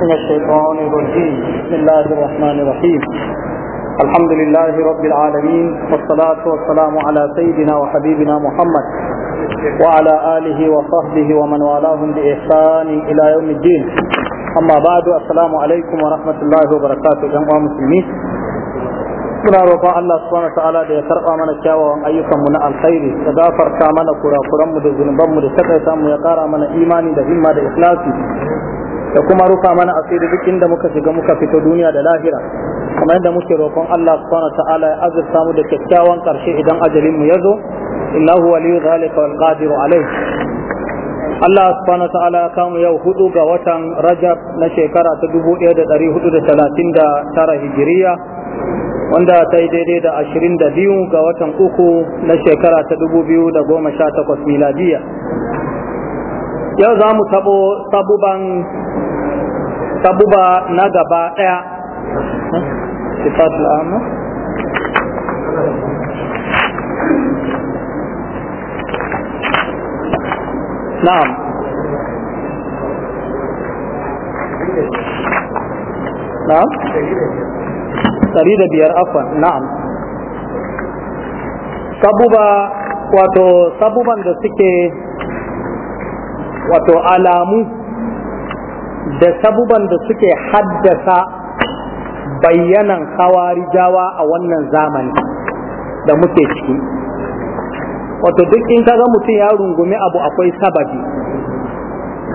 من الشيطان الرجيم بسم الله الرحمن الرحيم الحمد لله رب العالمين والصلاة والسلام على سيدنا وحبيبنا محمد وعلى آله وصحبه ومن والاهم بإحسان إلى يوم الدين أما بعد السلام عليكم ورحمة الله وبركاته جمع مسلمين muna roƙon Allah subhanahu wa ta'ala da ya karɓa mana kyawawan ayyukanmu na alkhairi da gafarta mana kurakuranmu da zunubanmu da takaita mu ya ƙara mana imani da himma da ikhlasi da kuma rufa mana asiri duk inda muka shiga muka fito duniya da lahira kamar yadda muke roƙon Allah subhanahu wa ya azurta mu da kyakkyawan karshe idan ajalin mu ya zo innahu waliyyu zalika wal qadiru alayh Allah subhanahu wa ta'ala ya kamu yau hudu ga watan Rajab na shekara ta 1439 Hijiriya wanda ta yi daidai da 22 ga watan uku na shekara ta 2018 miladiya yau za mu tabo sabuban sabuba na gaba daya sifatul amma na'am na'am tari da biyar afwan na'am sabuba wato sabuban da suke wato alamu da sabuban da suke haddasa bayyanan hawarijawa a wannan zamani da muke ciki wato duk in ga mutum ya rungumi abu akwai sababi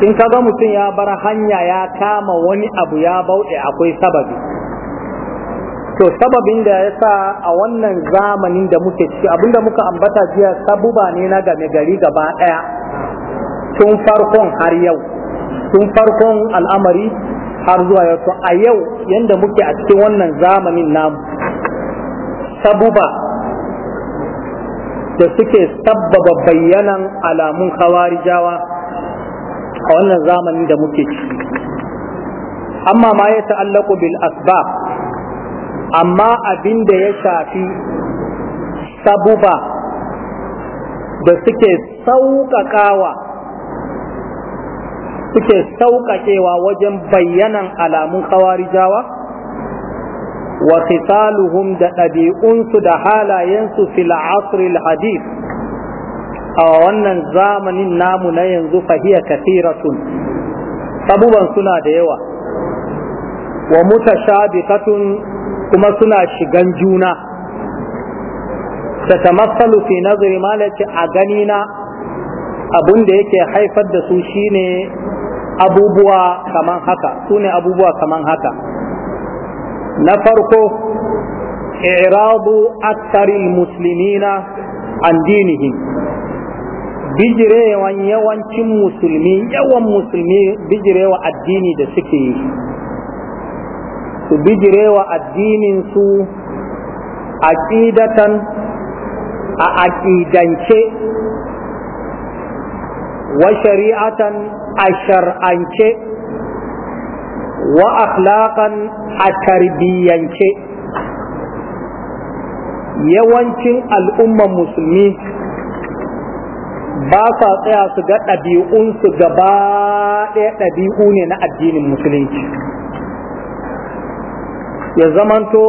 in kaga mutum ya bar hanya ya kama wani abu ya bauɗe akwai sababi to sababin da ya sa a wannan zamanin da muke ciki abinda muka ambata jiya sabuba ne na game gari gaba ɗaya tun farkon har yau tun farkon al'amari har zuwa yau a yau yanda muke a cikin wannan zamanin namu sabuba da suke sabbaba bayyanan alamun khawarijawa a wannan zamanin da muke ciki amma ma ya ta'allaku bil asbab amma abin da ya shafi sabuba da suke sauƙaƙawa suke sauƙaƙewa wajen bayyanan alamun kawarijawa wa khisaluhum da ɗabi'unsu da halayensu fil asril hadith a wannan zamanin namu na yanzu fahiya kathiratun sabuban suna da yawa wa mutashabiqatun kuma suna shigan juna ta tamassalu fi nazari malaki a ganina abun da yake haifar da su shine abubuwa kaman haka su abubuwa kaman haka na farko irabu aktaril muslimina an dinihim bijirewan yawancin musulmi yawan musulmi bijirewa addini da suke yi su bijirewa addinin su aqidatan a aqidance wa shari'atan a shar'ance wa akhlaqan a tarbiyyance yawancin al'umman musulmi ba sa tsaya su ga su gaba ɗaya ɗabi'u ne na addinin musulunci ya zamanto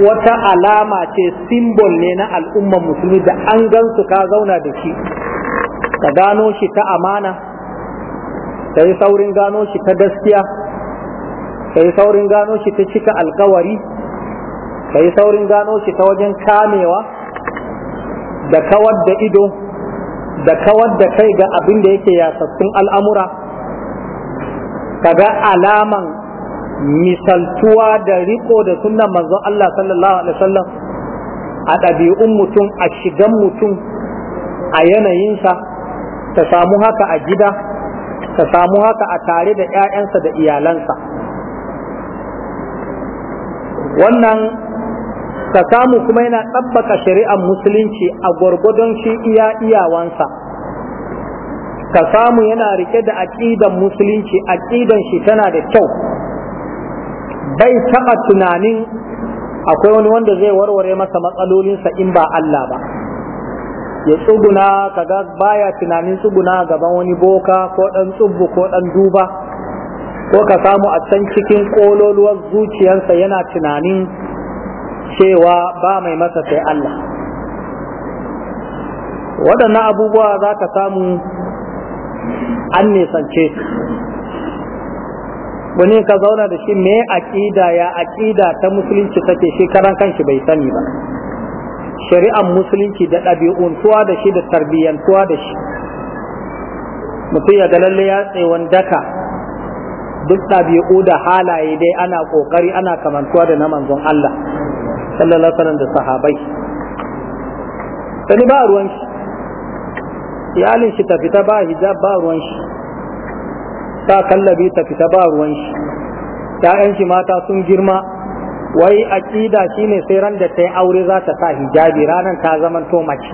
wata alama ce simbol ne na al'umman musulmi da an su ka zauna da shi ka gano shi ta amana ka yi saurin gano shi ta gaskiya ka yi saurin gano shi ta cika alkawari ka yi saurin gano shi ta wajen kamewa da kawar da ido da kawar da kai ga abin da yake yasassun al'amura ka ga alaman misaltuwa da riko da sunan manzon Allah sallallahu alaihi wasallam a ɗabi'un mutum a shigan mutum a yanayinsa ta samu haka a gida ta samu haka a tare da 'ya'yansa da iyalansa wannan ta samu kuma yana ɗabbaka shari'ar musulunci a gwargwadon shi iya iyawansa ka samu yana rike da aƙidan musulunci aƙidan shi tana da kyau bai taɓa tunanin akwai wani wanda zai warware masa matsalolinsa in ba Allah ba ya tsuguna kaga baya tunanin tsuguna gaban wani boka ko dan tsubbu ko dan duba ko ka samu a can cikin kololuwar zuciyarsa yana tunanin cewa ba mai masa sai Allah waɗannan abubuwa za ka samu an nisance wani ka zauna da shi me aƙida ya aƙida ta musulunci take shi karan kanshi bai sani ba shari'ar musulunci da ɗabi'untuwa da shi da tarbiyyantuwa da shi mutum ya ga lalle ya tsewan daka duk ɗabi'u da halaye dai ana ƙoƙari ana kamantuwa da na manzon Allah sallallahu alaihi da sahabai sani ba ruwan shi iyalin shi ta fita ba hijab ba ruwan shi ta kallabi ta fita ba ruwan shi ta'yan shi mata sun girma wai aqida shine sai ran da ta yi aure za ta sa hijabi ranan ta zaman to mace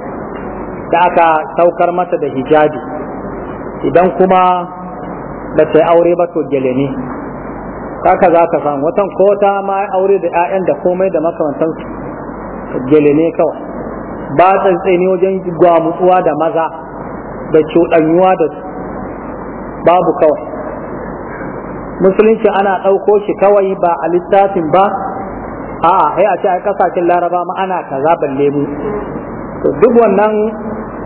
da aka saukar mata da hijabi idan kuma ba ta yi aure ba to gele ne kaka za ka samu watan ko ta ma aure da 'ya'yan da komai da su gele ne kawai ba ne wajen gwamutsuwa da maza da cuɗanyuwa da babu kawai musulunci ana ɗauko shi kawai ba a littafin ba a'a ya ce a kasashen laraba ma ana kaza balle mu to duk wannan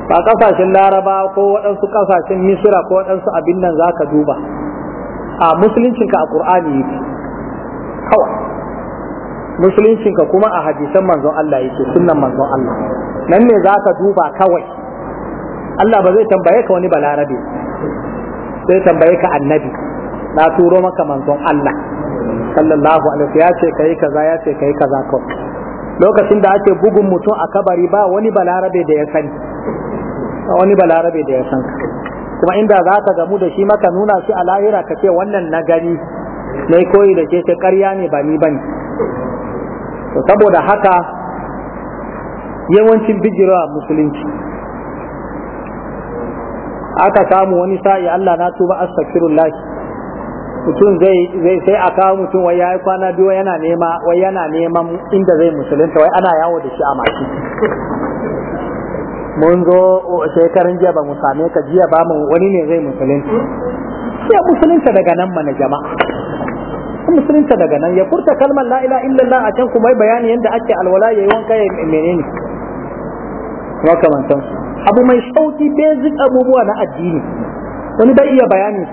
ba kasashen laraba ko waɗansu kasashen misira ko waɗansu abin nan za ka duba a musuluncinka a ƙur'ani yake kawai musuluncinka kuma a hadisan manzon Allah yake sunan manzon Allah nan ne za ka duba kawai Allah ba zai tambaye ka wani balarabe zai tambaye ka annabi na turo maka manzon Allah sallallahu alaihi ya ce kai kaza ya ce kai kaza kawai lokacin da ake bugun mutum a kabari ba wani balarabe da ya sani wani balarabe da ya san kuma inda za ka gamu da shi maka nuna shi a lahira ka ce wannan na gani na koyi da ke ce karya ne ba ni bane to saboda haka yawancin bijirawa musulunci aka samu wani sa'i Allah na tuba astaghfirullah mutum zai sai a kawo mutum wai yayi kwana biyu yana nema wai yana neman inda zai musulunta wai ana yawo da shi a maki mun zo shekarun jiya ba mu same ka jiya ba mu wani ne zai musulunta ya musulunta daga nan mana jama'a musulunta daga nan ya furta kalmar la ilaha illallah a can kuma yi bayani yadda ake alwala yayi wanka ya menene makamantan abu mai sauki basic abubuwa na addini wani bai iya bayani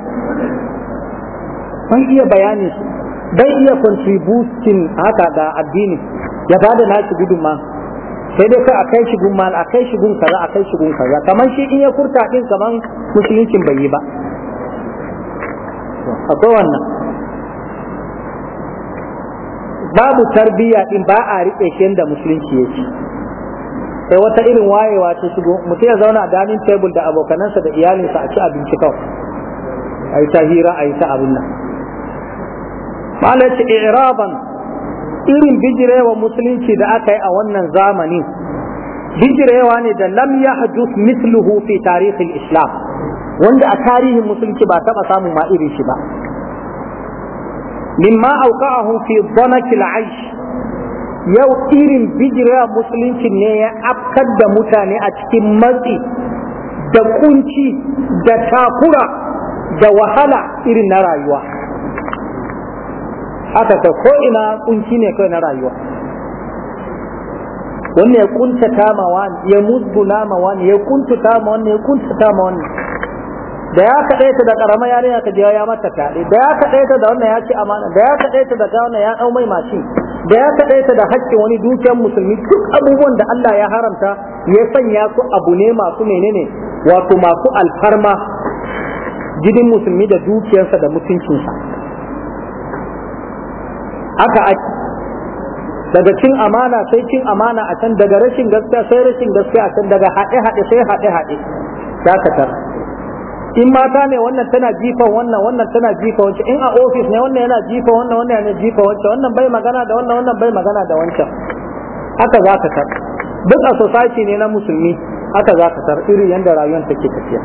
ban iya bayanin su bai iya contributing haka ga addini ya bada shi gudunma sai dai kai a kai shigun mal a kai shigun kaza a kai shigun kaza kamar shi in ya kurta din kamar musuluncin bai yi ba akwai wannan babu tarbiyya din ba a riƙe shi da musulunci ya ci sai wata irin wayewa ta shigo mutum ya zauna a dining table da abokanansa da iyalinsa a ci abinci kawai a yi ta hira a yi ta abin nan malai ce iraban irin bijirewa musulunci da aka yi a wannan zamani bijirewa ne da lam yahdus misluhu fi tarihin islam wanda a tarihin musulunci ba taba samun ma irin shi ba mimma auqa'ahu fi dhanaki aish yau irin bijirewa musulunci ne ya afkar da mutane a cikin matsi da kunci da takura da wahala irin na rayuwa aka ta ko ina kunci ne kai na rayuwa wannan ya ta ma wani ya na ma wani ya ta ma wani ya ta ma wani da ya kaɗai ta da ƙarama yarinya ka jiya ya mata fyaɗe da ya kaɗai ta da wannan ya ci amana da ya kaɗai ta da wannan ya ɗau mai mashin da ya kaɗai ta da haƙƙin wani dukiyar musulmi duk abubuwan da Allah ya haramta ya sanya su abu ne masu menene wato masu alfarma gidin musulmi da dukiyarsa da mutuncinsa Aka ake daga cin amana sai cin amana a can daga rashin gaskiya sai rashin gaskiya a can daga haɗe-haɗe sai haɗe-haɗe katar in mata ne wannan tana jifa wannan wannan tana jifa wancan in a ofis ne wannan yana jifa wannan wannan yana jifa wancan wannan bai magana da wannan wannan bai magana da wancan haka za ka tar duk a society ne na musulmi haka za ka tar irin yadda rayuwar take tafiya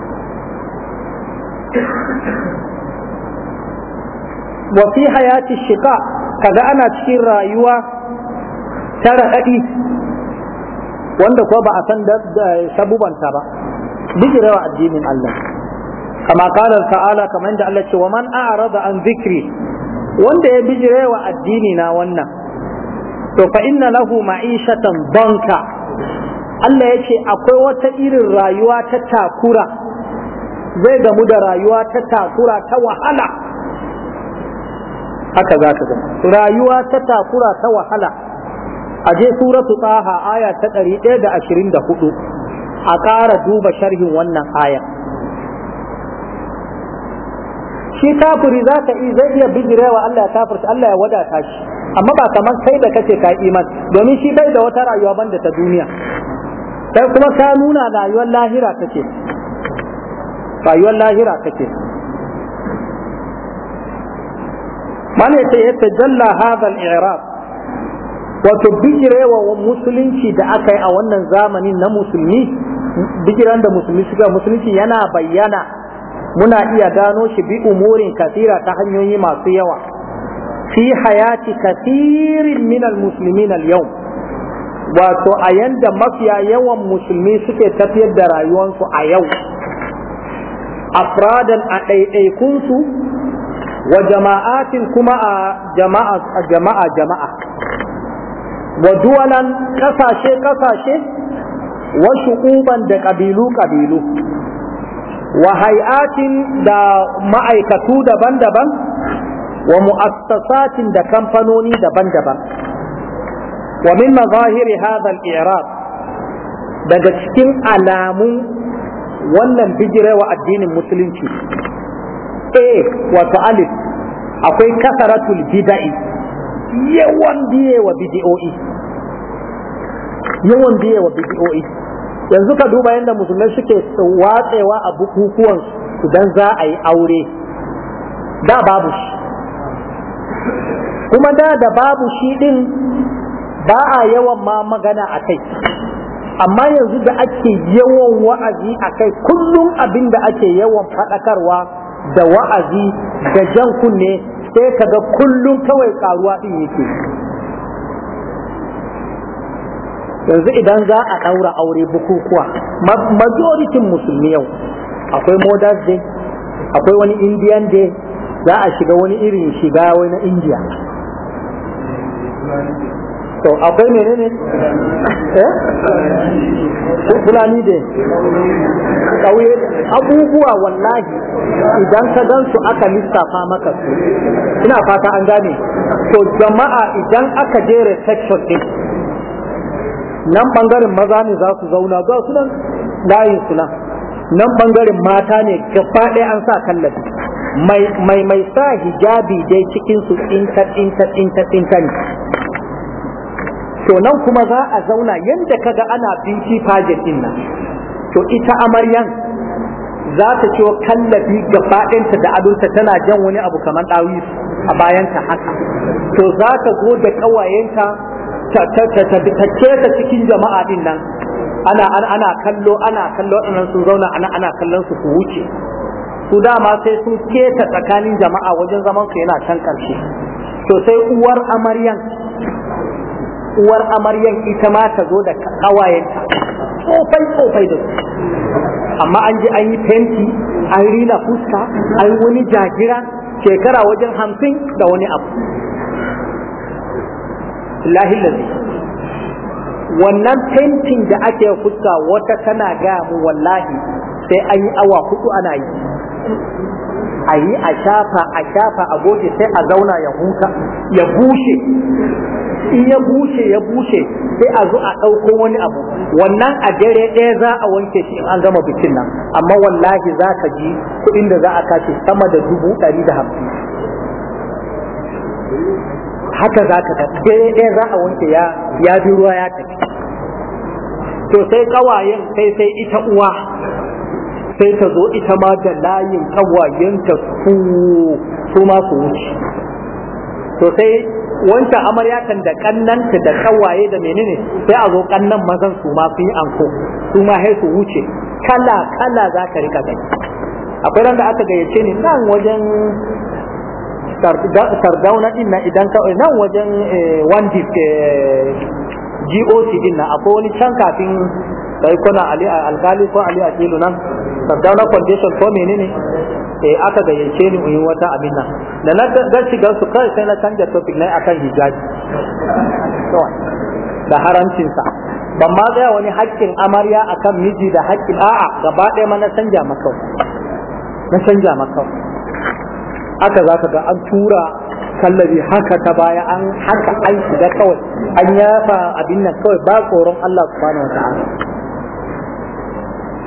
wa fi hayati shiqa kaga ana cikin rayuwa ta raɗaɗi wanda ko ba a san sabubanta ba bijirewa addinin Allah kama kala ta'ala kamar yadda Allah ce wa man a'rada an zikri wanda ya bijirewa addini na wannan to fa inna lahu ma'ishatan banka Allah ya ce akwai wata irin rayuwa ta takura zai gamu da rayuwa ta takura ta wahala haka za ka zama rayuwa ta takura ta wahala a je suratu tsaha aya ta ɗari ɗaya da ashirin da hudu a ƙara duba sharhin wannan aya shi kafiri za ka yi zai iya bijirewa Allah ya kafirta Allah ya wadata shi amma ba kamar kai da kace ka iman domin shi bai da wata rayuwa banda ta duniya sai kuma ka nuna rayuwar lahira kake rayuwar lahira kake mana ya ce ya tajalla hadal i'rab wato bijirewa musulunci da aka yi a wannan zamanin na musulmi bijiran da musulmi suka musulunci yana bayyana muna iya gano shi bi umurin kasira ta hanyoyi masu yawa fi hayati kasirin minal muslimin al yau wato a yanda mafiya yawan musulmi suke tafiyar da rayuwansu a yau afradan a ɗaiɗaikunsu wa jama'atin kuma a jama'a jama'a jama'a wa duwalan kasashe kasashe wa shu'uban da kabilu kabilu wa hay'atin da ma'aikatu daban-daban wa mu'assasatin da kamfanoni daban-daban wa min mazahiri hadha al-i'rab daga cikin alamun wannan bijirewa addinin musulunci a eh, wato alif akwai kasaratul bida'i yawan biye wa bidi'o'i yawan biye wa bidi'o'i yanzu ka duba yadda musulmai suke watsewa a bukukuwan idan za a yi aure da babu shi kuma da da babu shi din ba a yawan ma magana a amma yanzu da ake yawan wa'azi a kai kullum abin da ake yawan faɗakarwa da wa'azi da jan kunne sai ka ga kullum kawai karuwa din yake yanzu idan za a ɗaura aure bukukuwa majoritin musulmi yau akwai modas day akwai wani indian day za a shiga wani irin shiga wani indiya to akwai menene eh fulani de kawai abubuwa wallahi idan ka dan su aka lissafa maka su ina fata an gane to jama'a idan aka je reception din nan bangaren maza ne za su zauna za su nan layin su nan nan bangaren mata ne gaba ɗaya an sa kallafi mai mai sa hijabi dai cikin su intar intar intar intar to nan kuma za a zauna yadda kaga ana binci fajin inna to ita amaryan za ta ciwo kallafi fadinta da adunta tana jan wani abu kamar dawi a bayanta haka to za ta zo da kawayenta ta ta cikin jama'a din nan ana ana kallo ana kallo nan sun zauna ana ana kallon su ku wuce su dama sai sun keta tsakanin jama'a wajen zaman su yana can ƙarshe to sai uwar amaryan uwar amaryan ita ma ta zo da kawayenta tsofai tsofai da su amma an ji an yi fenti an rina fuska an wani jagira shekara wajen hamsin da wani abu Lahi lahilazi wannan fentin da ake fuska wata tana gaya mu wallahi sai an yi awa hudu ana yi a yi a shafa a shafa a goge sai a zauna ya huta ya bushe in ya bushe ya bushe sai a zo a ɗauko wani abu wannan a dare ɗaya za a wanke shi in an gama bikin nan amma wallahi za ka ji kuɗin da za a kashe sama da dubu ɗari da hamsin haka za ka dare ɗaya za a wanke ya ya bi ruwa ya tafi to sai kawayen sai sai ita uwa sai ta zo ita ma da layin kawayen ta su su ma su wuce to sai wancan amaryatan da ta da kawaye da menene sai a zo kannan mazan su ma sun yi anko su ma sai su wuce kala kala za ka rika gani akwai ran da aka gayyace ni nan wajen sardauna din na idan ka eh, nan wajen eh, one eh, GOC din na akwai wani can kafin sai kuna ali alkali ko ali akilu nan sardauna condition ko menene eh aka gayyace ni yi wata abin nan da na ga shiga su kai sai na canja topic na akan hijabi da haramcin sa ban ma ga wani haƙƙin amarya akan miji da haƙƙin a'a gaba ɗaya ma na canja maka na canja maka aka za ka ga an tura kallabi haka ta baya an haka an shiga kawai an yafa abin nan kawai ba tsoron Allah subhanahu wa ta'ala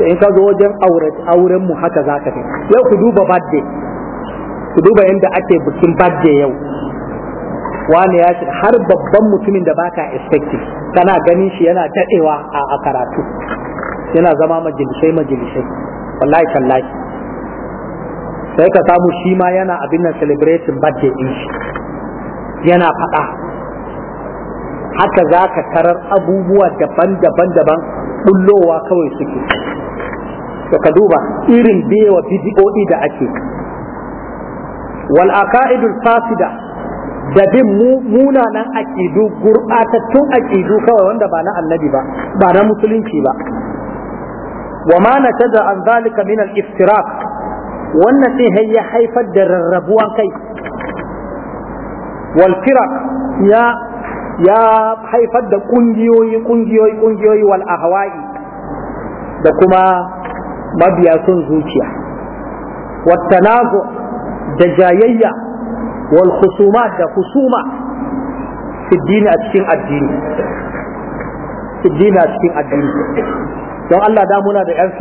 in ka zo wajen auren mu haka za ka yau ku duba birthday ku duba yadda ake bikin birthday yau wani ya har babban mutumin da baka expecting kana ganin shi yana tadewa a karatu yana zama majalisai majalisai wallahi kallahi sai ka samu shi ma yana abin nan celebrating birthday din shi yana faɗa haka za ka tarar abubuwa daban-daban daban bullowa kawai suke ka duba irin bewa bidi'o'i da ake wal fasida da bin munanan aƙidu gurɓatattun aƙidu kawai wanda ba na annabi ba ba na musulunci ba wa ma nataja an zalika min al wannan sai ya haifar da rarrabuwan kai wal ya ya haifar da ƙungiyoyi kungiyoyi kungiyoyi wal ahwa'i da kuma mabiya sun zuciya wattanazu da jayayya wal khusuma da khusuma fi dini a cikin addini fi a cikin addini don Allah da muna da yan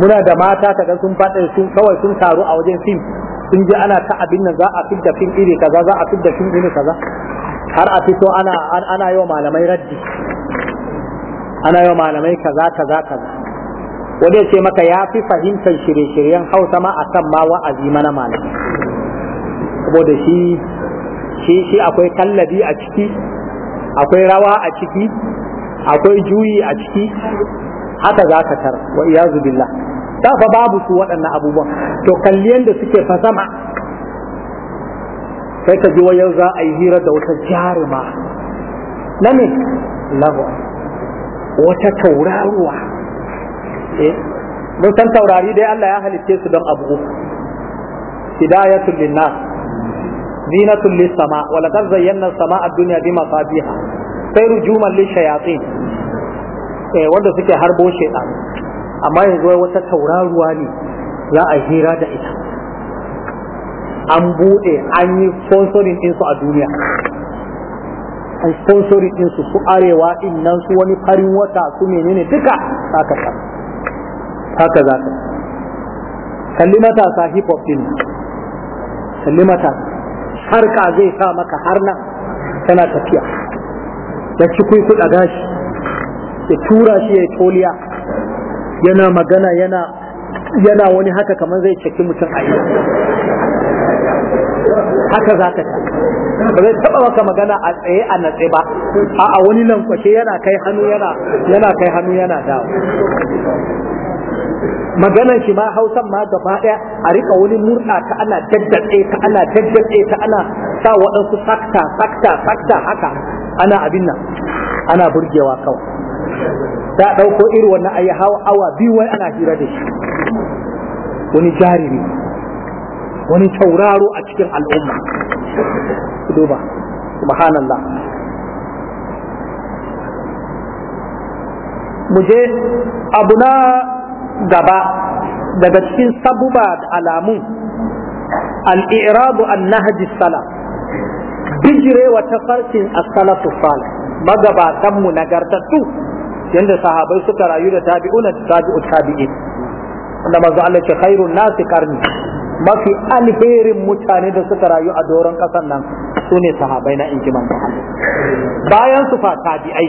muna da mata ta sun faɗa sun kawai sun taru a wajen fim sun je ana ta abin nan za a fidda fim iri kaza za a fidda fim iri kaza har a fito ana ana yau malamai raddi ana yau malamai kaza kaza kaza wanda ce maka ya fi fahimtar shirye-shiryen hausa ma akan ma wa'azi mana malami saboda shi shi shi akwai kallabi a ciki akwai rawa a ciki akwai juyi a ciki haka za ka tar wa iyazu billah da fa babu su waɗannan abubuwan to kalliyan da suke fa sama sai ka ji wayar za a yi hira da wata jaruma na me lahu wata tauraruwa eh mun san taurari dai Allah ya halitte su don abu hidayatul linnas zinatul lisama wa laqad zayyana samaa ad-dunya bi masabiha sai rujuman lishayatin eh wanda suke harbo shaytan amma yanzu wata tauraruwa ne za a hira da ita an bude an yi sponsoring din su a duniya an sponsoring din su su arewa din nan su wani farin wata su menene duka aka samu haka za ka kalli matasa hip hop din kalli matasa ka zai sa maka har nan tana tafiya ya ci kuɗa gashi ya tura shi ya yi toliya yana magana yana yana wani haka kamar zai ceki mutum a iya haka za ka ba zai taba maka magana a tsaye a natse ba a wani lankwashe yana kai hannu yana yana kai hannu yana dawo Maganar shi ma hausan ma gaba daya a rika wani murna ta ana daddatse ta ana daddatse ta ana sa waɗansu sakta sakta sakta haka ana abin nan ana burgewa kawai ta ɗauko irin wannan ayi hawa awa biyu wai ana hira da shi wani jariri wani tauraro a cikin al'umma duba subhanallah mu je abu na gaba daga cikin sabuba da al al'irabu an nahaji salaf bijirewa wa tafarkin as-salafu salih magabatanmu nagartattu yadda sahabai suka rayu da tabi'una da tabi'u tabi'i wanda mazu Allah ce khairun nasi karni mafi alherin mutane da suka rayu a doron kasan nan su ne sahabai na injiman manzo bayan su fa tabi'ai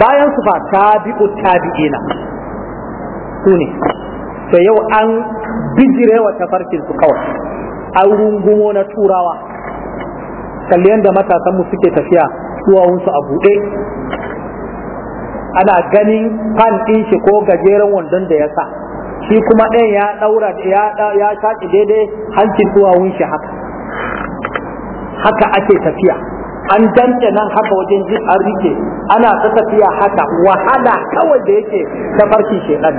bayan su fa tabi'u tabi'ina su ne to yau an bijire wa tafarkin su kawai an rungumo na turawa kalli yadda matasanmu suke tafiya su a buɗe ana ganin fan ɗin shi ko gajeren wandon da ya sa shi kuma ɗayan ya ɗaura ya shaƙi daidai hancin duwawun shi haka haka ake tafiya an danta nan haka wajen jin an rike ana ta tafiya haka wahala kawai da yake ta farki shedan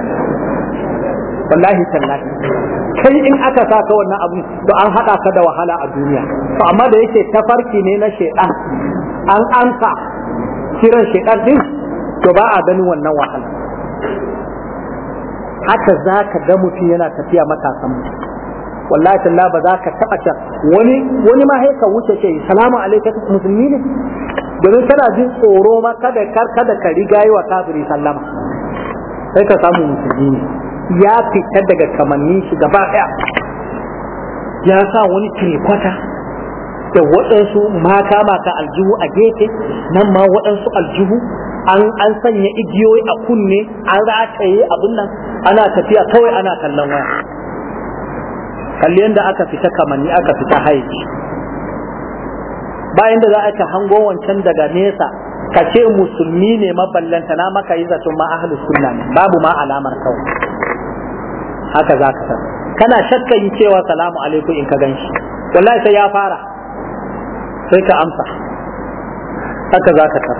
wallahi tallahi kai in aka sa ka wannan abu to an hada ka da wahala a duniya to amma da yake tafarki ne na shedan an amsa kiran shedan din to ba a ganin wannan wahala haka za ka ga mutum yana tafiya matasan mutum wallahi talla ba za ka taɓa ta wani wani ma haika wuce ce salamu alaikum musulmi ne domin kana jin tsoro ma kada kar kada ka riga yi wa kafiri sallama sai ka samu musulmi ya fita daga kamannin shi gaba ɗaya ya sa wani tirekwata da waɗansu mata mata aljihu a gefe nan ma waɗansu aljihu an an sanya igiyoyi a kunne an rataye abin nan ana tafiya kawai ana kallon waya kalli yadda aka fita kamanni aka fita haiji bayan da za a ka hango wancan daga nesa ka ce musulmi ne maballanta na maka yi zaton ma ahalus sunna ne babu ma alamar kawai haka za ka san kana shakka yi cewa salamu alaikum in ka ganshi wallahi sai ya fara sai ka amsa haka za ka san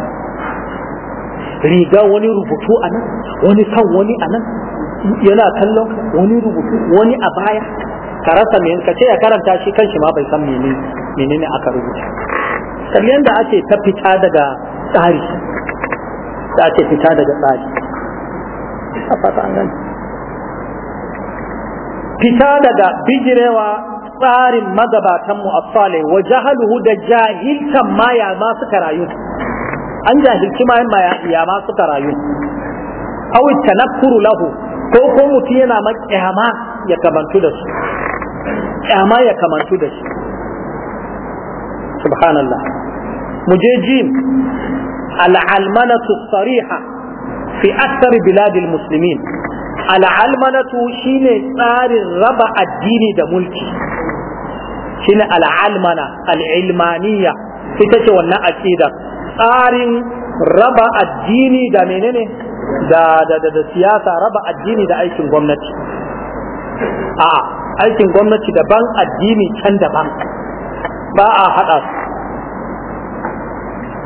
riga wani rubutu a nan wani kan wani a nan yana kallon wani rubutu wani a baya ka rasa me ka ce ya karanta shi kanshi ma bai san menene ne aka rubuta kamar yanda ake ta fita daga tsari da ake fita daga tsari a fata an gani fita daga bijirewa tsarin magabatan a tsale wa jahaluhu da jahiltan ma ya ma suka rayu an jahilci ma ya ma suka rayu awi tanakkuru lahu ko ko mutum yana makiyama ya kamantu da su kyama ya kamantu da shi subhanallah mu je jim al'almanatu sariha fi akthar biladil muslimin al'almanatu shine tsarin raba addini da mulki shine al'almana al'ilmaniya ita ce wannan aqida tsarin raba addini da menene da da da siyasa raba addini da aikin gwamnati a aikin gwamnati daban addini can daban ba a haɗa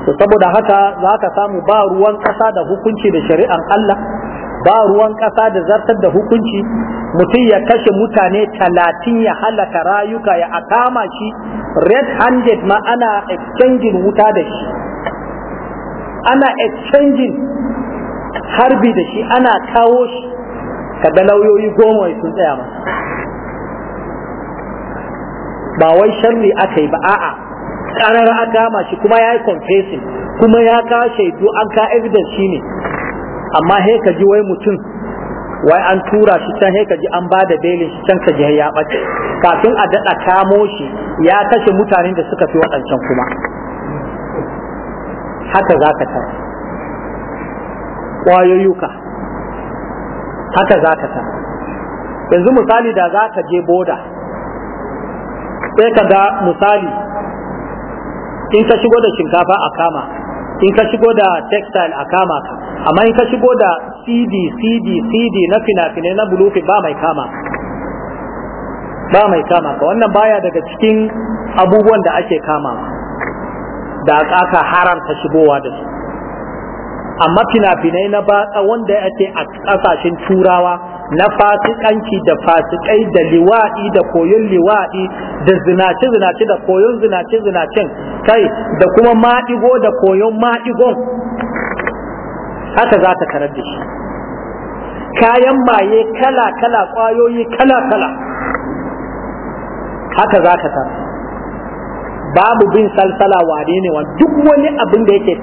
su saboda haka za ka samu ba ruwan ƙasa da hukunci da shari'ar Allah ba ruwan ƙasa da zartar da hukunci mutum ya kashe mutane talatin ya halaka rayuka ya akama shi red handed ma ana exchanging wuta da shi ana exchanging harbi da shi ana kawo shi kada lauyoyi goma sun tsaya masa ba wai sharri aka yi ba a'a ƙarar aka kama shi kuma ya yi confessing kuma ya ka shaidu an ka evidence shi ne amma he ka ji wai mutum wai an tura shi can he ka ji an bada bailin belin shi can ka ji ya bace kafin a daɗa kamo shi ya kashe mutanen da suka fi waɗancan kuma haka za ka tara ƙwayoyuka haka za ka tara yanzu misali da za ka je boda sai ka ga misali in ka shigo da shinkafa a kama in ka shigo da textile a kama ka amma in ka shigo da cd cd cd na fina-finai na bulufi ba mai kama ba mai kama ka wannan baya daga cikin abubuwan da ake kama da aka haramta shigowa da su amma fina-finai na batsa wanda ake a kasashen turawa na fasikanci da fasikai da liwaɗi da koyon liwaɗi da zinace zinace da koyon zinace zinacen kai da kuma ma'igo da koyon ma'igon haka za ta karar da shi kayan maye kala kala ƙwayoyi kala kala haka za ka tara babu bin salsala wane ne wa duk wani abin da yake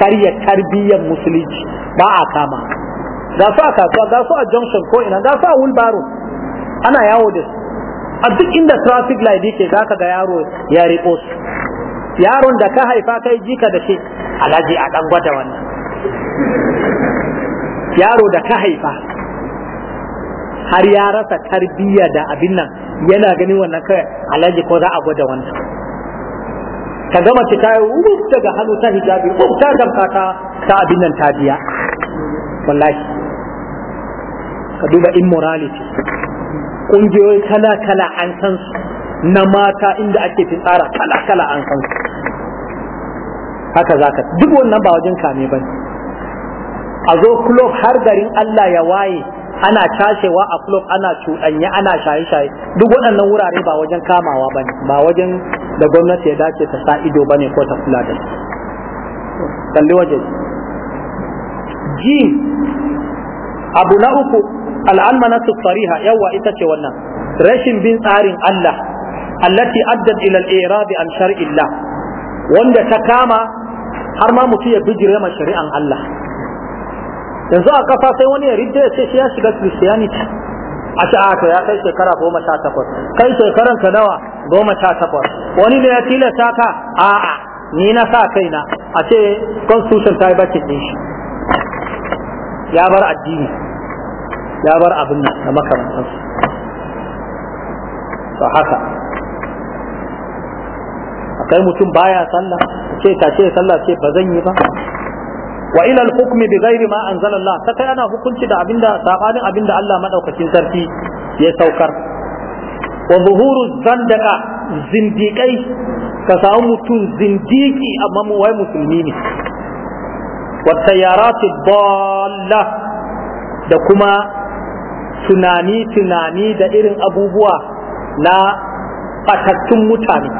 karya tarbiyyar musulunci ba a kama ga su a kasuwa ga su a junction ko ina ga su a wheelbarrow ana yawo da su a duk inda traffic light yake zaka ga yaro ya riko su yaron da ka haifa kai jika da shi alaji a dan gwada wannan yaro da ka haifa har ya rasa tarbiyya da abin nan yana ganin wannan kai alaji ko za a gwada wannan ka gama ta yi wuce daga hannu ta hijabi ko ta gamsa ta abin nan ta biya wallahi ka duba immorality ƙungiyoyi kala-kala an san su na mata inda ake tsara kala-kala an san su haka za ka duk wannan ba wajen kame ba. a zo club har garin Allah ya waye ana cashewa a club ana cuɗanya ana shaye-shaye duk waɗannan wurare ba wajen kamawa ba ne. ba wajen da gwamnati ya dace ta sa ido ne ko ta kula da su waje ji abu na uku na sufariha, yawa ita ce wannan rashin bin tsarin Allah allati addan ila al-i'rab an shar'illah wanda ta kama har ma mutum ya bijire ma shari'an Allah yanzu a kafa sai wani ya ridda ya ce shi ya shiga christianity a ce aka ah, ya kai shekara goma sha takwas kai shekaran ka nawa goma sha takwas wani ne ya tilasta ka a'a ni na sa kaina a ce constitution ta yi bakin din shi ya bar addini ya bar abin nan da makamantansu to haka akai mutum baya sallah ce ce sallah ce ba zan yi ba wa ilal al bi ghairi ma anzala Allah ta kai ana hukunci da abinda sabanin abinda Allah madaukakin sarki ya saukar wa zuhuru zandaka zindikai ka samu mutum zindiki amma mu wai musulmi ne wa tayaratu dalla da kuma tunani tunani da irin abubuwa na fatattun mutane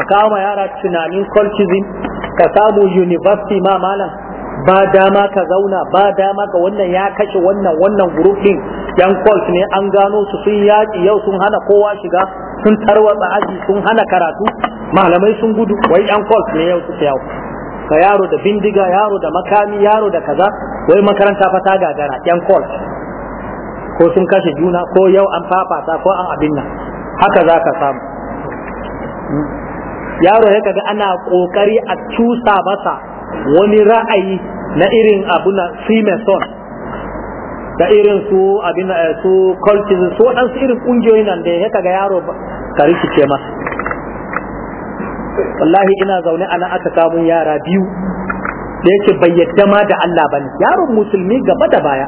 a kama yara tunanin cultism ka samu university ma malam ba dama ka zauna ba dama ka wannan ya kashe wannan wannan yan cult ne an gano su sun yaƙi yau sun hana kowa shiga sun tarwatsa aji sun hana karatu malamai sun gudu wai yan cult ne yau suka yau ka yaro da bindiga yaro da makami yaro da kaza wai makaranta fa ta gagara yan cult ko sun kashe juna ko yau an fafata ko an abin nan haka za ka samu yaro ya kaga ana kokari a cusa masa wani ra'ayi na irin abu na freemason da irin su abin eh, su cultism su waɗansu irin ƙungiyoyin nan da ya kaga yaro ka rikice masa wallahi ina zaune ana aka samu yara biyu da yake bai yadda ma da Allah bane yaron musulmi gaba da baya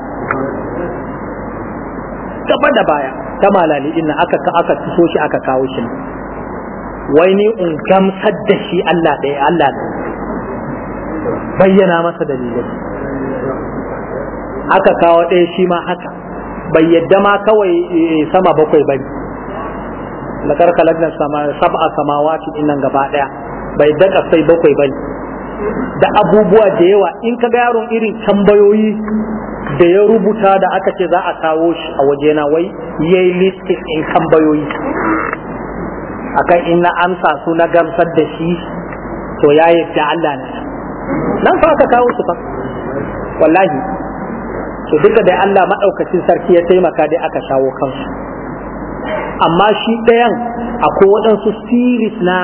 gaba da baya ta malali din nan aka aka tuso shi aka kawo shi wai ni in gamsar da shi Allah ɗaya Allah bayyana masa dalilai aka kawo ɗaya shi ma haka bai yadda ma kawai eh, sama bakwai bane lakar sama sab'a samawati din nan gaba ɗaya bai daɗa kasai bakwai bane da abubuwa da yawa in ka ga yaron irin tambayoyi da ya rubuta da aka ce za a kawo shi a wajena wai ya yi listin in kan A kan in na amsa su na gamsar da shi to ya yi da Allah ne nan fa aka kawo su fa wallahi to duka da Allah maɗaukacin sarki ya taimaka dai aka shawo kansu amma shi ɗayan akwai waɗansu series na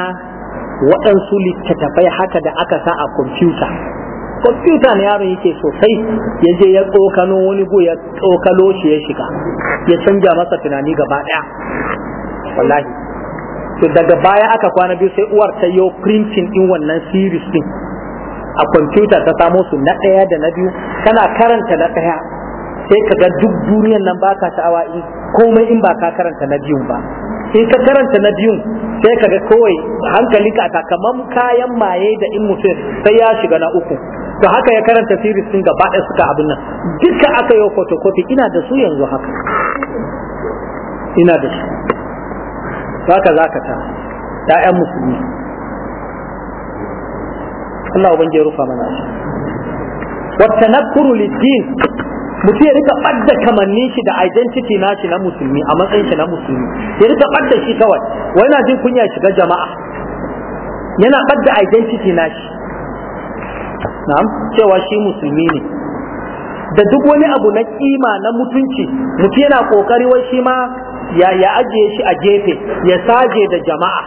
waɗansu littattafai haka da aka sa a kwamfuta kwamfuta ne yaron yake sosai ya je ya tsokano wani go ya tsokalo shi ya shiga ya canja masa tunani gaba daya wallahi to daga baya aka kwana biyu sai uwar ta yo printing din wannan series din a kwamfuta ta samo su na daya da na biyu kana karanta na daya sai ka ga duk duniyan nan baka sha'awa in komai in ba ka karanta na biyun ba sai ka karanta na biyun sai ka ga hankali ka a kaman kayan maye da in mutum sai ya shiga na uku to haka ya karanta siri sun gaba ɗaya suka abin nan duka aka yi photocopy ina da su yanzu haka ina da su haka za ka ta ‘ya'yan musulmi Allah ubangi ya rufa mana shi wata na kuru litin mutum ya rika ɓadda kamannin shi da identity na shi na musulmi a matsayin shi na musulmi ya rika ɓadda shi kawai wani na jin kunya shiga jama'a yana ɓadda identity na shi na'am cewa shi musulmi ne da duk wani abu na kima na mutunci mutum yana kokari wai shi ma ya ya ajiye shi a gefe ya saje da jama'a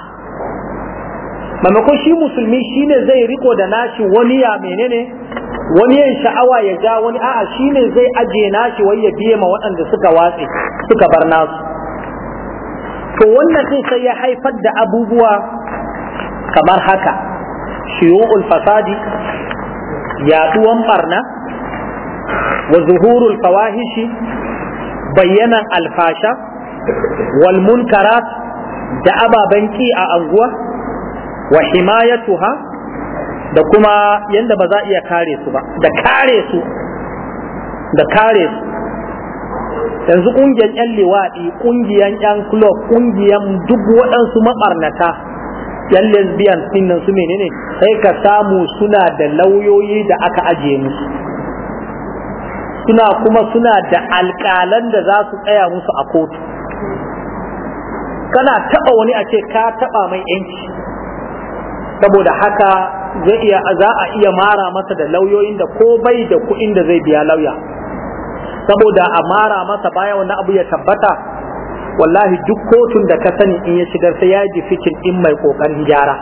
maimakon shi musulmi shine zai riko da nashi wani ya menene wani yin sha'awa ya ja wani a'a shine zai ajiye nashi wai ya biye ma waɗanda suka watse suka bar nasu to wannan din sai ya haifar da abubuwa kamar haka shuyu'ul fasadi yaduwan barna wa zuhurul fawahishi bayyanan alfasha wal munkarat da ababen ki a anguwa wa himayatuha da kuma yadda ba za iya kare su ba da kare su da kare su yanzu ƙungiyar 'yan liwaɗi ƙungiyar 'yan club ƙungiyar duk waɗansu maɓarnata yan biyan din nan su menene sai ka samu suna da lauyoyi da aka ajiye musu suna kuma suna da alƙalan da za su tsaya musu a kotu kana taɓa wani a ce ka taɓa mai yanci saboda haka za a iya mara masa da lauyoyin da ko bai da kuɗin da zai biya lauya saboda a mara masa baya wani abu ya tabbata wallahi duk kotun da ka sani in ya shigar sai ya ji fikin in mai kokarin gyara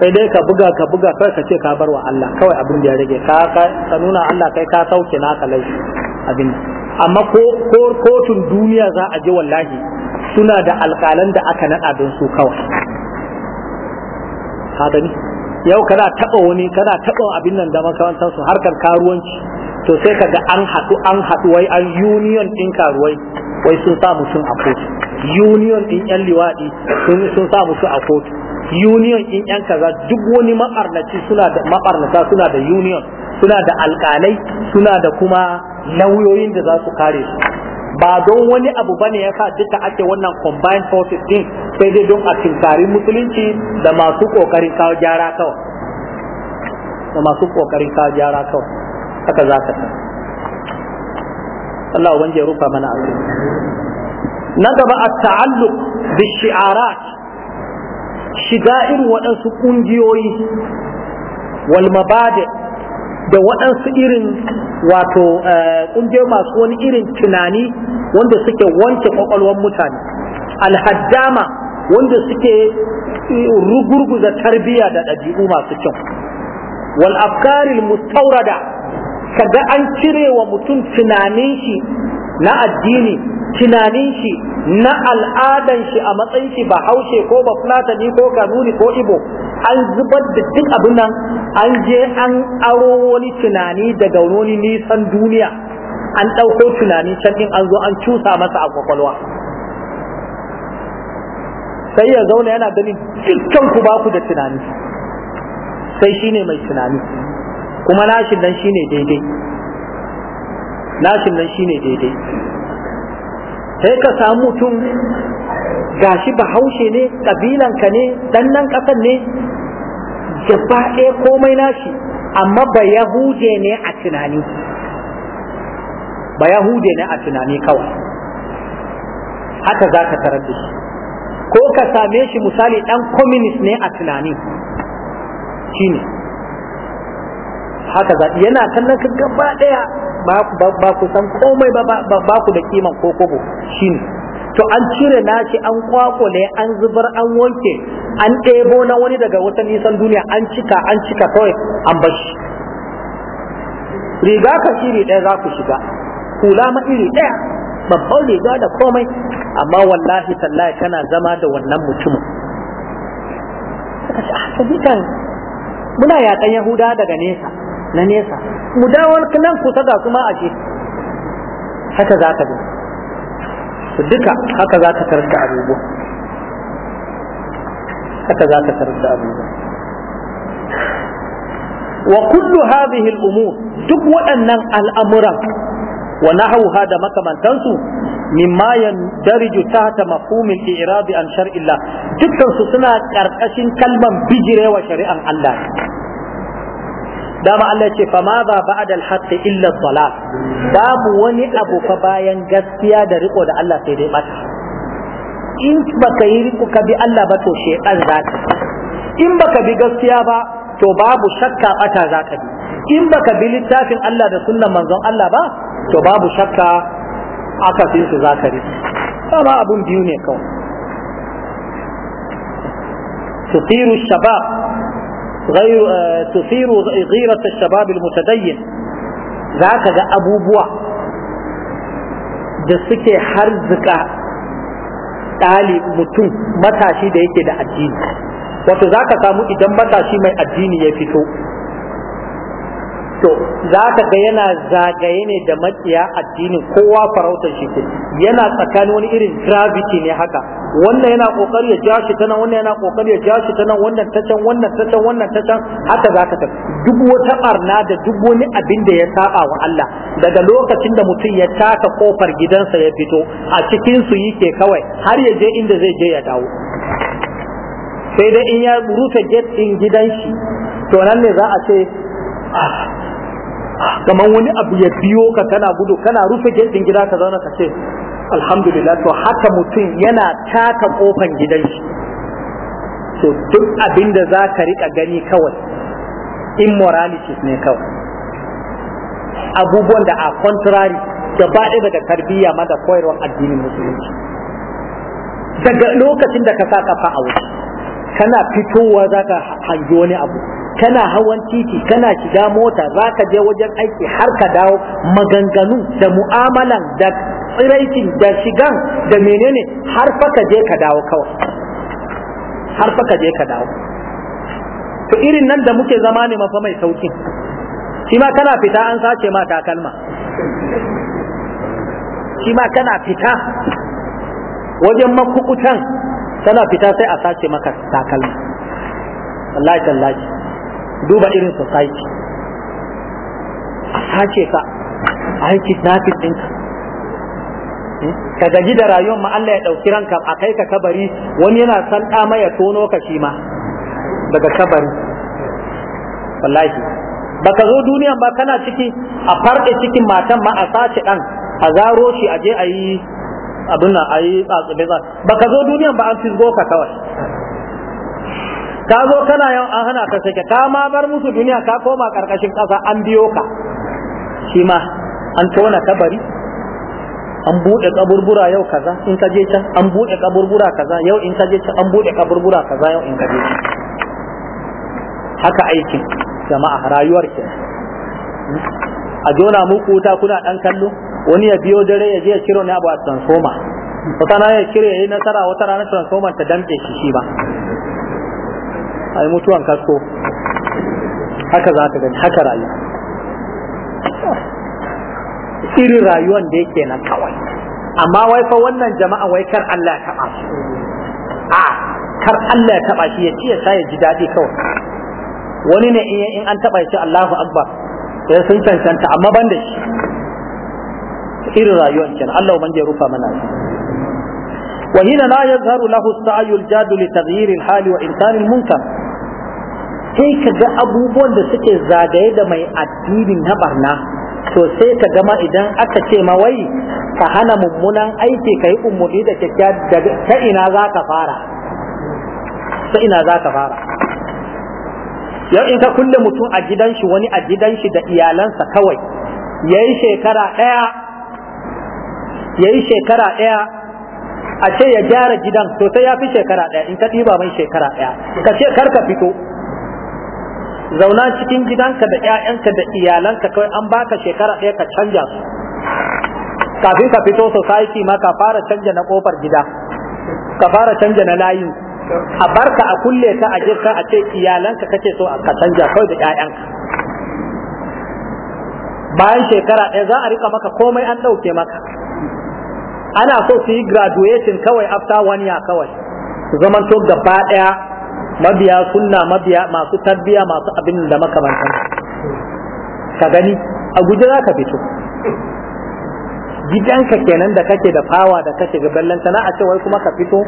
sai dai ka buga ka buga kai ka ce ka bar wa Allah kawai abin da ya rage ka ka nuna Allah kai ka sauke ka laifi abin amma ko kotun duniya za a je wallahi suna da alƙalan da aka naɗa don su kawai ka yau kana taɓa wani kana taɓa abin nan da makarantar su harkar karuwanci to sai kaga an haɗu an haɗu wai an union ɗin karuwai wai sun sa mutum a kotu union din yan liwadi sun sa mutum a kotu union din yan kaza duk wani mabarnaci suna da mabarnata suna da union suna da alkalai suna da kuma lauyoyin da za su kare su ba don wani abu bane ya sa duka ake wannan combined forces din sai dai don a tinkari musulunci da masu kokarin kawo gyara kawai da masu kokarin kawo gyara kawai haka za ka san Allah ubangiji ya rufa mana asiri na gaba a taalluq bishiyara shiga irin waɗansu ƙungiyoyi wal da waɗansu irin wato eh, ƙungiyoyi masu wani irin tunani wanda suke wanke ƙwaƙwalwar mutane alhaddama wanda suke rugurguza tarbiyya da ɗabi'u masu kyau wal afkaril mustaurada kaga an cire wa mutum tunanin shi na addini tunanin shi na al'adan shi a matsayin shi ba haushe ko ba fulatani ko kanuni ko ibo an zubar da duk abin nan an je an aro wani tunani daga wani nisan duniya an ɗauko tunani can ɗin an zo an cusa masa a kwakwalwa sai ya zauna yana ganin dukkan ku ba ku da tunani sai shine mai tunani kuma nashin nan shine daidai nashin nan shine daidai sai ka samu mutum gashi bahaushe ne kabilanka ne dan nan kasan ne gaba ɗaya komai nashi amma ba yahude ne a tunani ba yahude ne a tunani kawai haka za ka tarar da shi ko ka same shi misali dan communist ne a tunani shine haka za yana kallon ka gaba daya ba ku san komai ba ku da kiman ko kobo shine to an cire nashi an kwakwale an zubar an wanke an ɗebo na wani daga wata nisan duniya an cika an cika kawai an shi riga ka iri ɗaya za ku shiga hula ma iri ɗaya babban riga da komai amma wallahi tallahi kana zama da wannan mutumin ah, muna yaƙan yahuda daga nesa na nesa mu dawo nan kusa da kuma ashe haka za ka zo duka haka za ka tarda abubuwa haka za ka tarda abubuwa wa kullu hadhihi al-umur duk waɗannan al'amuran wa nahawha da makamantansu mimma yandariju tahta mafhumin i'rabi an shar'illah dukkan su suna karkashin kalman bijirewa shari'an Allah dama Allah ce fa ma ba ba'dal haqqi illa dhalal babu wani abu fa bayan gaskiya da riko da Allah sai dai bata in baka yi riko ka bi Allah ba to shedan zaka in baka bi gaskiya ba to babu shakka bata zaka bi in baka bi littafin Allah da sunnan manzon Allah ba to babu shakka aka fi su zaka bi dama abun biyu ne kawai tusiru shabab غير تثير غيرة الشباب المتدين ذاك ذا أبو بوا da suke harzika ɗali mutum matashi da yake da addini wato za ka samu idan matashi mai addini ya fito to za ka ga yana zagaye ne da makiya addinin kowa farautar shi yana tsakanin wani irin gravity ne haka wannan yana kokari ya ja ta nan wannan yana kokari ya ja ta nan wannan ta can wannan ta can wannan ta can haka za ka tafi duk wata barna da duk wani abin da ya saba wa Allah daga lokacin da mutum ya taka kofar gidansa ya fito a cikin su yake kawai har ya je inda zai je ya dawo sai dai in ya rufe gate din gidan shi to nan ne za a ce ah, ah, kamar wani abu ya biyo ka kana gudu kana rufe gate din gida ka zauna ka ce alhamdulillah to haka mutum yana taka kofan gidan shi to duk abin da za ka riƙa gani kawai immoralities ne kawai abubuwan da a contrary ba ɗaya daga tarbiyya ma da koyarwar addinin musulunci daga lokacin da ka sa kafa a wuce kana fitowa za ka hangi wani abu kana hawan titi kana shiga mota za ka je wajen aiki har ka dawo maganganu da mu'amalan da tsiraitin da shigan da menene har fa ka je ka dawo kawai har fa ka je ka dawo to irin nan da muke zama ne mafa mai sauki shi ma kana fita an sace ma takalma shi ma kana fita wajen makukutan kana fita sai a sace maka takalma wallahi tallahi duba irin society a sace ka a yi kidnapping ɗinka hmm? ka gaji da rayuwar ma Allah ya ɗauki ranka a kai ka kabari wani yana san ɗama ya tono ka shi ma daga kabari wallahi baka zo duniyan ba kana ciki a farɗe cikin matan ma a sace ɗan a zaro shi a je a yi abin nan a yi tsatsabe ba ka zo duniyan ba an fisgo ka kawai ka zo kana yau an hana ka sake ka ma bar musu duniya ka koma karkashin ƙasa an biyo ka shi ma an tona kabari an buɗe kaburbura yau kaza in ka je can an buɗe kaburbura kaza yau in ka je can an buɗe kaburbura kaza yau in ka je can haka aikin jama'a rayuwar ke a jona muku wuta kuna ɗan kallo wani ya biyo dare ya je ya ciro ne abu a transformer wata na ya cire ya yi nasara wata rana transformer ta damke shi shi ba ai mutuwan kasko haka za ka gani haka rayuwa irin rayuwan da yake nan kawai amma wai fa wannan jama'a wai kar Allah ya taba su a kar Allah ya taba shi ya ci ya ya ji dadi kawai wani ne in an taba shi Allahu akbar ya sun cancanta amma ban da shi irin rayuwar kenan Allah ubangiji ya rufa mana shi وهنا لا يظهر له السعي الجاد لتغيير الحال وإنكار المنكر sai ka ga abubuwan da suke zagaye da mai addinin na barna to sai ka gama idan aka ce ma wai ka hana mummunan aiki ka yi umarni da kyakkyar ta ina za ka fara ta ina za ka fara yau in ka kulle mutum a gidan shi wani a gidan shi da iyalansa kawai ya yi shekara ɗaya ya yi shekara ɗaya a ce ya gyara gidan to sai ya fi shekara ɗaya in ka ɗiba mai shekara ɗaya ka ce kar ka fito zauna cikin gidanka da 'ya'yanka da iyalanka kawai an baka shekara ɗaya ka canja su kafin ka fito society ma ka fara canja na kofar gida ka fara canja na layi a barka a kulle ta a jirka a ce iyalanka kake so ka canja kawai da 'ya'yanka bayan shekara ɗaya za a rika maka komai an ɗauke maka ana so su yi graduation kawai after one year kawai zaman zamanto gaba ɗaya mabiya kunna, mabiya masu tarbiya masu abin da makamantan ka gani a guji za ka fito gidanka kenan da kake da fawa da kake ga ballan sana a ce kuma ka fito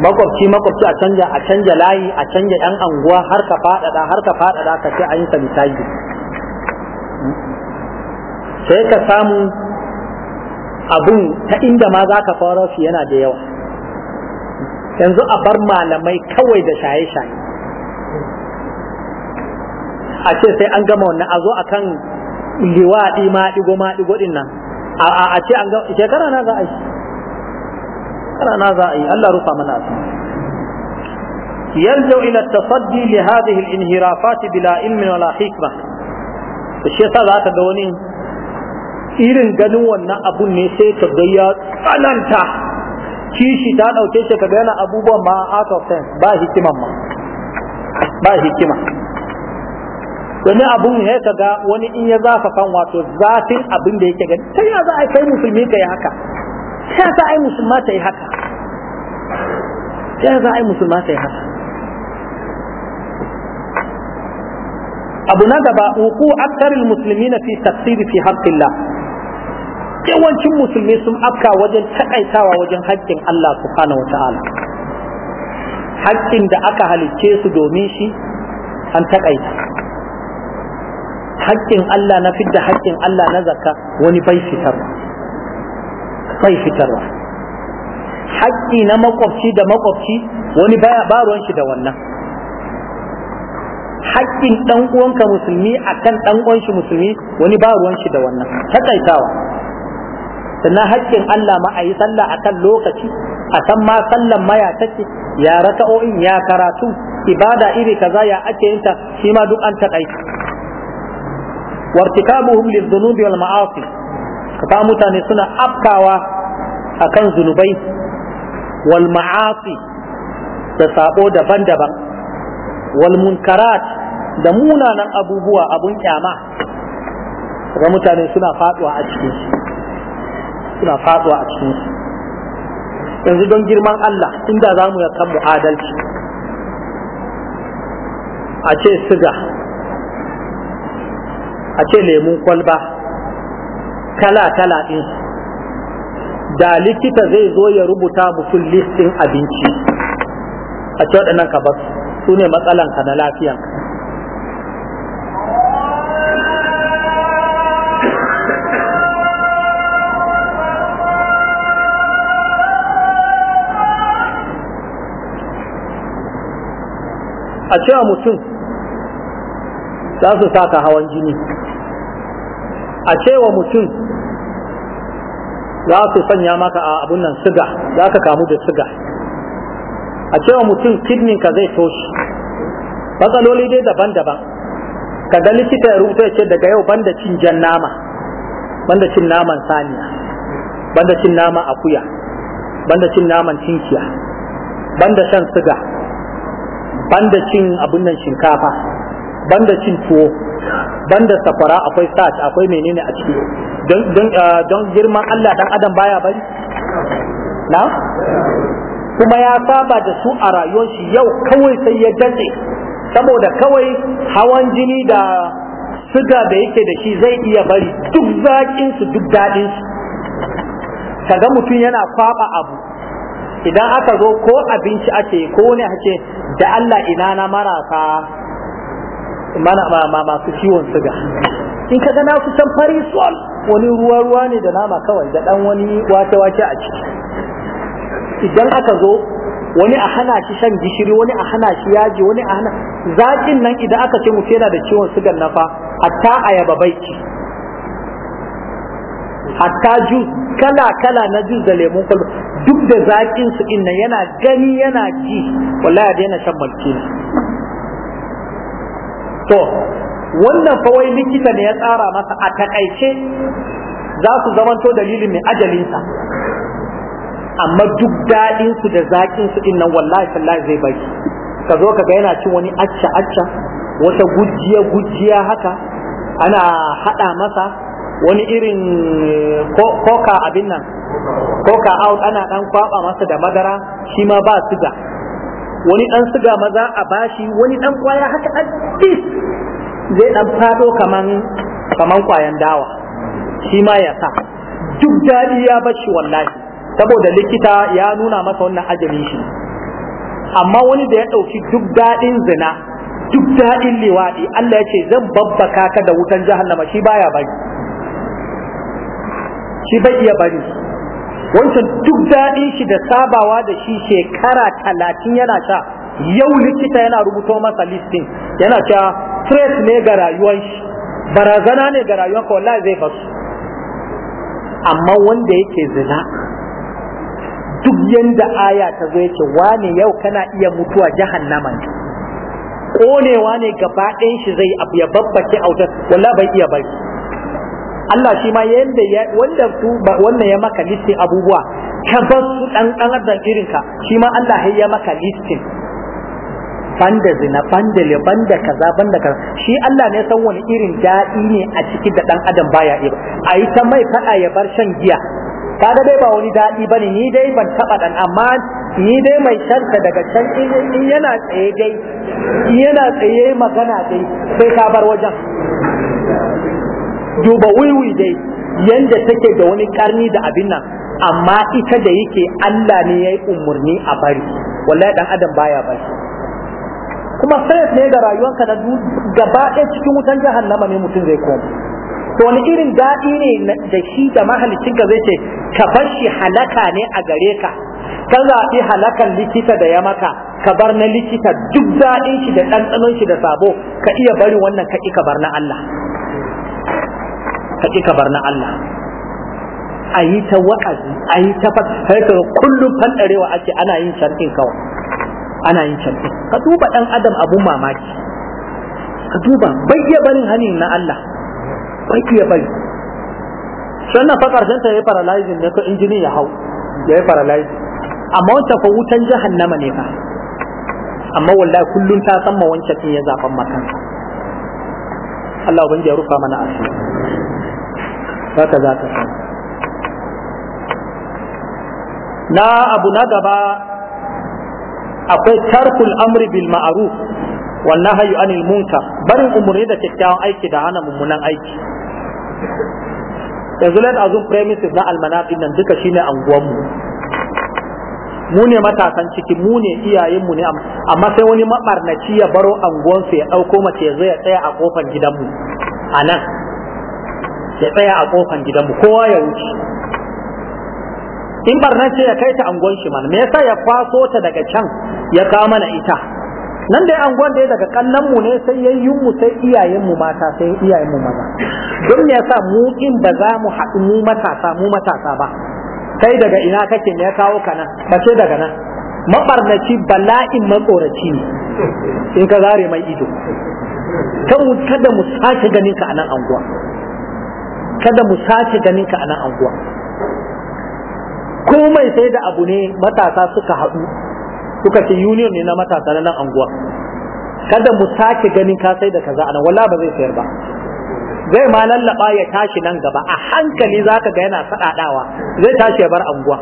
makwabci makwabci a canja a canja layi a canja yan anguwa har ka fadada har ka fadada ka ce an yi ta misali sai ka samu abun ta inda ma za ka fara shi yana da yawa yanzu a bar malamai kawai da shaye-shaye a ce sai an gama wannan a zo a kan liwaɗi maɗigo maɗigo ɗin nan a ce an gama shekara na za a yi shekara na za a yi Allah rufa mana Yanzu tafaddi asiri يلجأ إلى التصدي لهذه الانحرافات بلا علم ولا حكمة الشيء صار ذاك دوني إيرن جنوا النأبون نسيت ya tsananta. kishi ta ɗauke shi kaga yana abubuwan ma out of sense ba hikiman ma ba hikima wani abun ya kaga wani in ya zafa kan wato zafin abin da yake gani ta ya za a kai musulmi ka yi haka ta ya za a yi musulma ta yi haka ta ya za a yi musulma ta yi haka abu na gaba uku aktaril musulmi na fi tafsiri fi haƙƙin yawancin musulmi sun afka wajen takaitawa wajen haƙƙin Allah subhanahu wata'ala haƙƙin da aka halicce su domin shi an takaita haƙƙin Allah na fidda haƙƙin Allah na zakka wani bai fitarwa bai fitarwa haƙƙi na makwabci da makwabci wani baya baruwan shi da wannan haƙƙin ɗan uwanka musulmi akan ɗan uwan shi musulmi wani baruwan shi da wannan takaitawa na hakkin Allah ma a yi sallah akan lokaci a san ma sallan maya take ya raka'o'in ya karatu ibada iri kaza ya ake yinta shi ma duk an taƙaita wartikabuhum lizunubi wal ma'asi ka mutane suna afkawa akan zunubai wal ma'asi da sabo daban-daban wal munkarat da munanan abubuwa abun kyama ga mutane suna faduwa a cikin shi suna faduwa a cikin su yanzu don girman Allah inda za mu kan mu'adalci, a ce siga a ce lemun kwalba kala kala ɗin da likita zai zo ya rubuta musu listin abinci a ce waɗannan ka su ne matsalanka na lafiyanka a cewa mutum za su saka hawan jini a cewa mutum za su sanya maka a abun nan siga za ka kamu da siga a cewa mutum ka zai toshi matsaloli dai daban-daban ka ga likita ya rubuta ce daga yau banda cin jan nama banda cin naman saniya banda cin nama akuya banda cin naman tinkiya banda shan siga banda cin abun nan shinkafa banda cin tuwo banda safara akwai starch akwai menene a ciki ah, don girman Allah dan adam baya bari na kuma ya saba da su a rayuwar shi yau kawai sai ya jantse saboda kawai hawan jini da suga da yake da shi zai iya bari duk zaƙin su duk daɗin su kaga mutum yana kwaba abu idan aka zo ko abinci ake ko ne ake da Allah ina na marasa mana masu ciwon suga in ka gana kusan fari sol wani ruwa ruwa ne da nama kawai da dan wani wace wace a ciki idan aka zo wani a hana shi shan gishiri wani a hana shi yaji wani a hana Zakin nan idan aka ce mutum yana da ciwon suga na fa, hatta ayaba bai ci hatta jus kala kala na jus da lemon kwalba duk da zaƙin su inna yana gani yana ji wallahi daina shan maltina to wannan fa wai likita ne ya tsara masa a takaice za su zamanto dalilin mai ajalinsa amma duk daɗin su da zaƙin su inna wallahi sallahi zai baki ka zo ka ga yana cin wani acca acca wata gujiya gujiya haka ana haɗa masa wani irin koka abin nan ka out ana dan kwaba masa da madara shi ma ba siga wani dan siga maza a bashi wani dan kwaya haka a zai dan fado kaman kaman kwayan dawa shi ma ya sa duk dadi ya bashi wallahi saboda likita ya nuna masa wannan ajalin shi amma wani da ya dauki duk daɗin zina duk dadin liwadi Allah ya ce zan babbaka ka da wutan jahannama shi baya bari shi bai iya bari wancan duk daɗin shi da sabawa da shi shekara talatin yana sha yau likita yana rubuto masa listin yana cewa stress ne ga rayuwar shi barazana ne ga rayuwar ka wallahi zai fasu amma wanda yake zina duk yanda aya ta zo yake wane yau kana iya mutuwa jahannama ne konewa ne gaba ɗayan shi zai abu ya babbace autar wallahi bai iya bari Allah shi ma yanda ya wanda su wannan ya maka listin abubuwa ka bar su dan dan adam irin ka shi ma Allah ya maka listin banda zina banda le banda kaza banda kaza shi Allah ne san wani irin daɗi ne a cikin da dan adam baya iya a yi ta mai fada ya bar shan giya kaga dai ba wani daɗi bane ni dai ban taba dan amma ni dai mai shanta daga can in yana tsaye dai yana tsaye magana dai sai ka bar wajen duba wiwi dai yanda take da wani karni da abin nan amma ita da yake Allah ne ya yi umarni a bari wallahi dan adam baya bari kuma sayar ne da rayuwarka na gaba ɗaya cikin wutan jahannama ne mutum zai koma to wani irin daɗi ne da shi da ka zai ce ka bar shi halaka ne a gare ka ka zaɓi halakan likita da ya maka ka bar na likita duk daɗin shi da ɗanɗanon shi da sabo ka iya bari wannan ka ka bar na Allah ka ƙi ka bar na Allah a yi ta wa'azi a yi ta fata kullum fanɗarewa ake ana yin sharɗin kawai ana yin sharɗin ka duba ɗan adam abun mamaki ka duba bayya barin hanin na Allah bayya bari sannan fa karshen ta yi paralyzing ne ko injini ya hau ya yi paralyzing amma wancan fa wutan jahannama ne fa amma wallahi kullum ta san ma wancan ya zafan makansa Allah ubangiji ya rufa mana asiri haka za ka na abu na gaba akwai tarkul amri bil ma'aruf wal nahyi anil barin umarni da kyakkyawan aiki da hana mummunan aiki yanzu lai azun premises na almanafin nan duka shine anguwanmu mu ne matasan ciki mu ne iyayenmu ne amma sai wani mabarnaci ya baro anguwansu ya ɗauko mace ya zo ya tsaya a kofar gidanmu a nan ya tsaya a kofan gidanmu kowa ya wuce in barna ce ya kai ta angon shi mana me yasa ya kwaso ta daga can ya kawo mana ita nan dai angon da daga kallon mu ne sai yayyun mu sai iyayen mu mata sai iyayen mu maza don me yasa mu in ba za mu haɗu mu matasa mu matasa ba kai daga ina kake me ya kawo ka nan ba ce daga nan mabarnaci bala'in matsoraci ne in ka zare mai ido ta kada mu sace ganin ka a nan anguwa kada mu sace ganin ka a nan anguwa ko mai sai da abu ne matasa suka haɗu suka ce union ne na matasa na nan anguwa kada mu sake ganin ka sai da kaza a nan, walla ba zai sayar ba zai ma lallaba ya tashi nan gaba a hankali zaka ga yana sadadawa zai tashi ya bar anguwa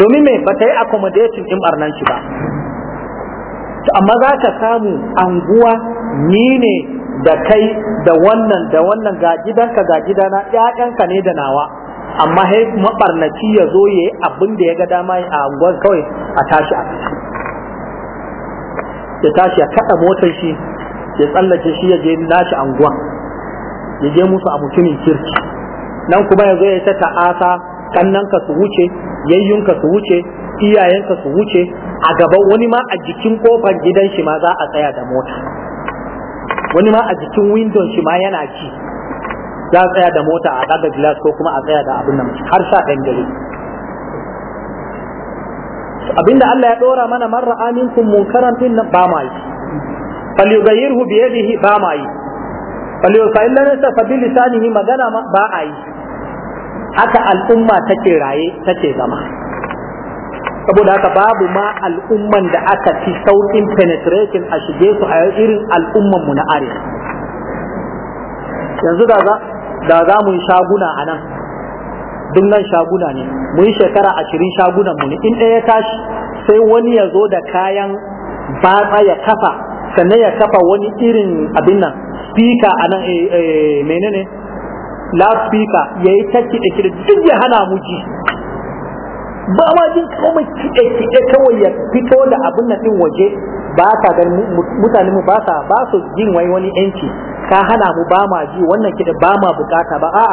domin me ba ta yi accommodation din barnan shi ba amma ka samu anguwa ni ne da kai da wannan da wannan ga gidanka ga gidana ƴaƴanka ne da nawa amma hai mabarnaci ya zo yayi abin da ya ga dama a gwan kawai a tashi a ya tashi ya kada motar shi ya tsallake shi ya je nashi anguwa ya je musu a mutumin kirki nan kuma ya zo ya ta asa kannanka su wuce yayyunka su wuce iyayenka su wuce a gaban wani ma a jikin kofar gidan shi ma za a tsaya da mota wani ma a jikin windon shi ma yana ci za a tsaya da mota a ɗaga gilas ko kuma a tsaya da abin nan har sha ɗan dare abinda Allah ya ɗora mana marra aminkum munkaran din nan ba ma yi falyughayyirhu bi yadihi ba ma yi falyusailla nasa fa bi lisanihi magana ba a yi haka al'umma take raye take zama saboda haka babu ma al'umman da aka fi saukin penetration a shige su a irin al'umman mu na arewa yanzu da za da mu yi shaguna a nan duk nan shaguna ne mu yi shekara ashirin shagunan mu ne in ɗaya tashi sai wani ya zo da kayan batsa ya kafa sannan ya kafa wani irin abin nan speaker a nan eh, eh, menene loudspeaker ya yi ta kiɗe kiɗe duk ya hana mu ji ba ma jin komai kiɗe-kiɗe kawai ya fito da abin nan din waje ba sa ga mutane mu ba sa ba su jin wai wani yanci ka hana mu ba ma ji wannan da ba ma bukata ba a'a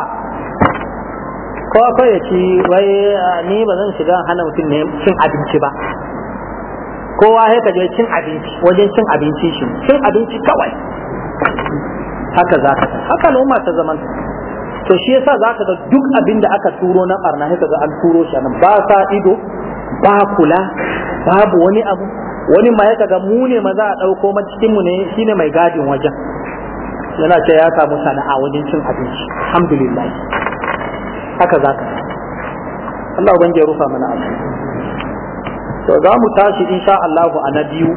ko akwai ya ci wai ni ba zan shiga hana mutum ne cin abinci ba kowa sai ka je cin abinci wajen cin abinci shi cin abinci kawai haka za ka haka al'umma ta zamanta to shi yasa ka ga duk abin da aka turo na barna sai ga an turo shi nan ba sa ido ba kula babu wani abu wani ma ya ga mu ne ma za a dauko ma cikin mu ne shine mai gadin wajen yana ce ya samu sana'a wajen cin abinci alhamdulillah haka za ka Allah ban ya rufa mana abu to za mu tashi insha Allah a na biyu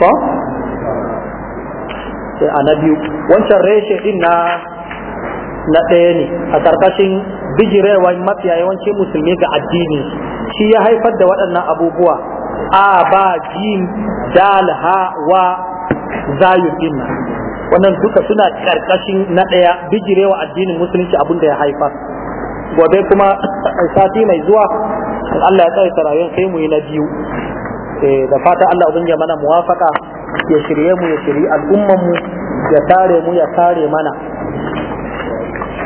ko sai a na biyu wancan reshe din na na ɗaya ne a ƙarƙashin bijirewa mafiya yawanci musulmi ga addini shi ya haifar da waɗannan abubuwa a ba jin dalha wa zayun din wannan duka suna ƙarƙashin na ɗaya bijirewa addinin musulunci abin da ya haifar gobe kuma sati mai zuwa Allah ya tsaye rayuwar sai mu yi na biyu eh, da fata Allah ubin ya mana muwafaka ya shirye mu ya shirye al'umman mu ya tare mu ya tare mana